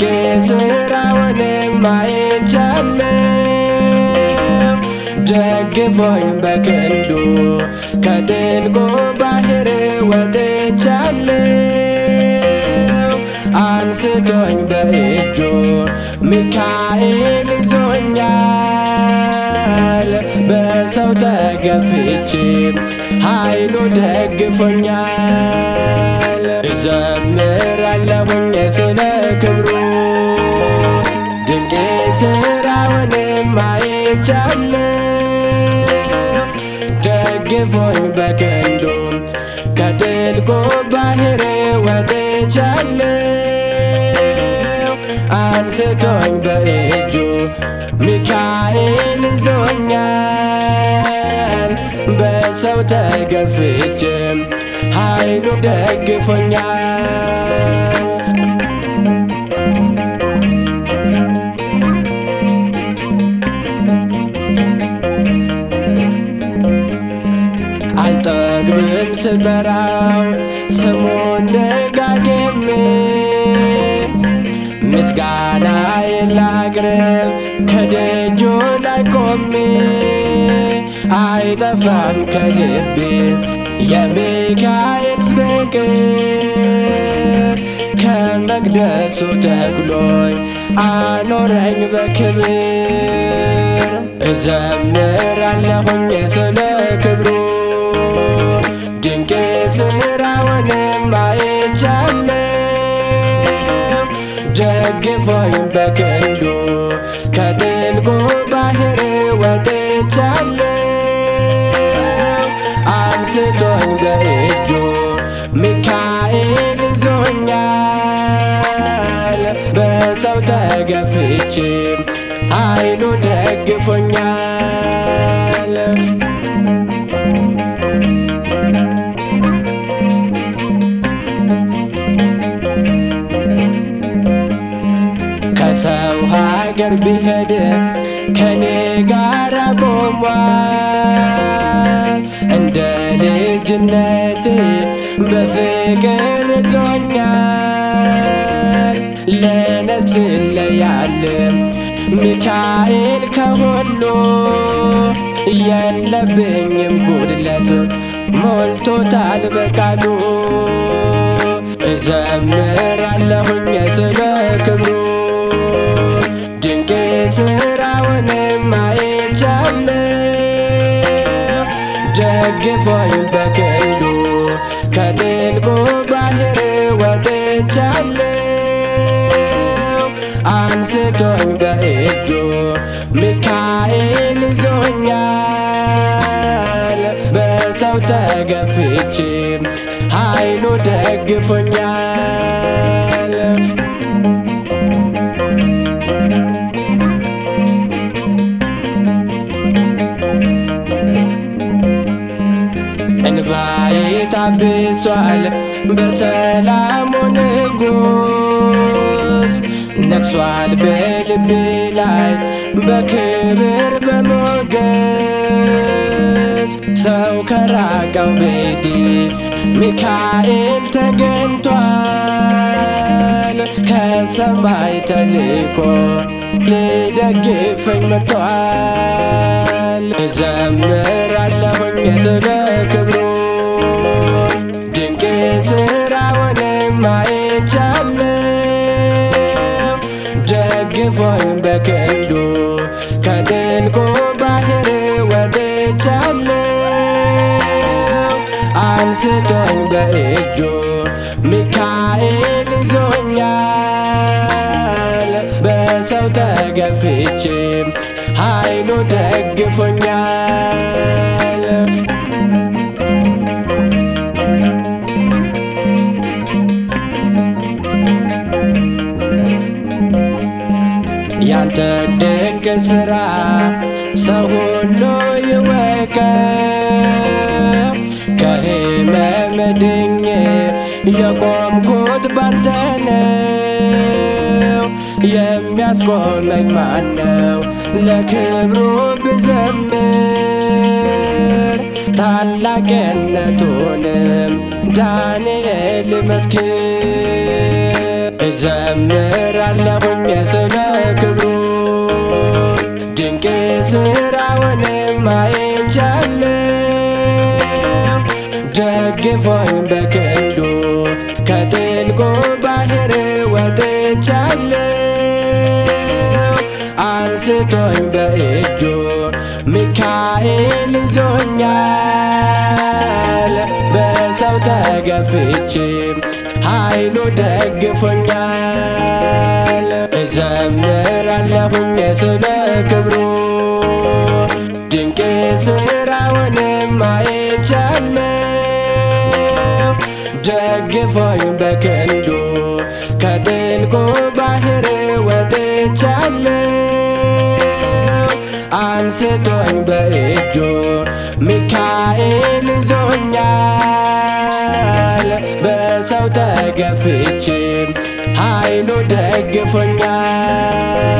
ድንቅ ስራውንም አይቻለው። ደግፎኝ በክንዱ ከጥልቁ ባህር ወጥቻለው። አንስቶኝ በእጁ ሚካኤል ይዞኛል። በሰው ተገፍቼ ኃይሉ ደግፎኛል። አይቻለሁ ደግፎኝ በቀንዱ ከጥልቁ ባህር ወጥቻለሁ አንስቶኝ በእጁ ሚካኤል ይዞኛል በሰው ተገፍቼም ኃይሉ ደግፎኛል ስጠራው ስሙን ደጋግሜ ምስጋናዬን ላቅርብ ከደጁ ላይ ቆሜ አይጠፋም ከልቤ የሚካኤል ፍቅር ከመቅደሱ ተክሎኝ አኖረኝ በክብር እዘምራለሁኝ ስለ ደግፎኝ በክንዱ ከጥልቁ ባህር ወጥቻለሁ። አንስቶኝ በእጁ ሚካኤል ይዞኛል። በሰው ተገፍቼ ኃይሉ ደግፎኛል። መንገድ ከኔ ጋር ቆሟል። እንደ ልጅነት በፍቅር ዞኛል። ለነፍስ ለያል ሚካኤል ከሁሉ የለብኝም ጉድለት ሞልቶታል በቃሉ እዘምር ይዞኛል በሰው ተገፍቼ ኃይሉ ደግፎኛል። እንባዬ ታብሷል በሰላሙ ንጉሥ ነግሷል በልቤ ላይ በክብር በሞገስ ሰው ከራቀው ቤቴ ሚካኤል ተገኝቷል። ከሰማይ ተልኮ ሊደግፈኝ መጥቷል። እዘምራለሁኝ ስለ ክብሩ ድንቅ ስራውንም አይቻለሁ ደግፎኝ በክንዱ በእጁ ሚካኤል ይዞኛል። በሰው ተገፍቼ ኃይሉ ደግፎኛል። ያንተን ድንቅ ሥራ ሰው ድኜ የቆምኩት ባንተ ነው። የሚያስቆመኝ ማነው? ለክብሩ ብዘምር ታላቅነቱንም ዳንኤል መስክር እዘምር ስለ ክብሩ ድንቅ ስራውንም አይ ደግፎኝ በክንዱ ከጥልቁ ባህር ወጥቻለሁ። አንስቶኝ በእጁ ሚካኤል ይዞኛል። በሰው ተገፍቼ ኃይሉ ደግፎኛል። እዘምራለሁኝ ስለ ክብሩ ድንቅ ስራውንም አይቻለሁ። ደግፎኝ በክንዱ ከጥልቁ ባህር ወጥቻለሁ። አንስቶኝ በእጁ ሚካኤል ይዞኛል። በሰው ተገፍቼም ኃይሉ ደግፎኛል።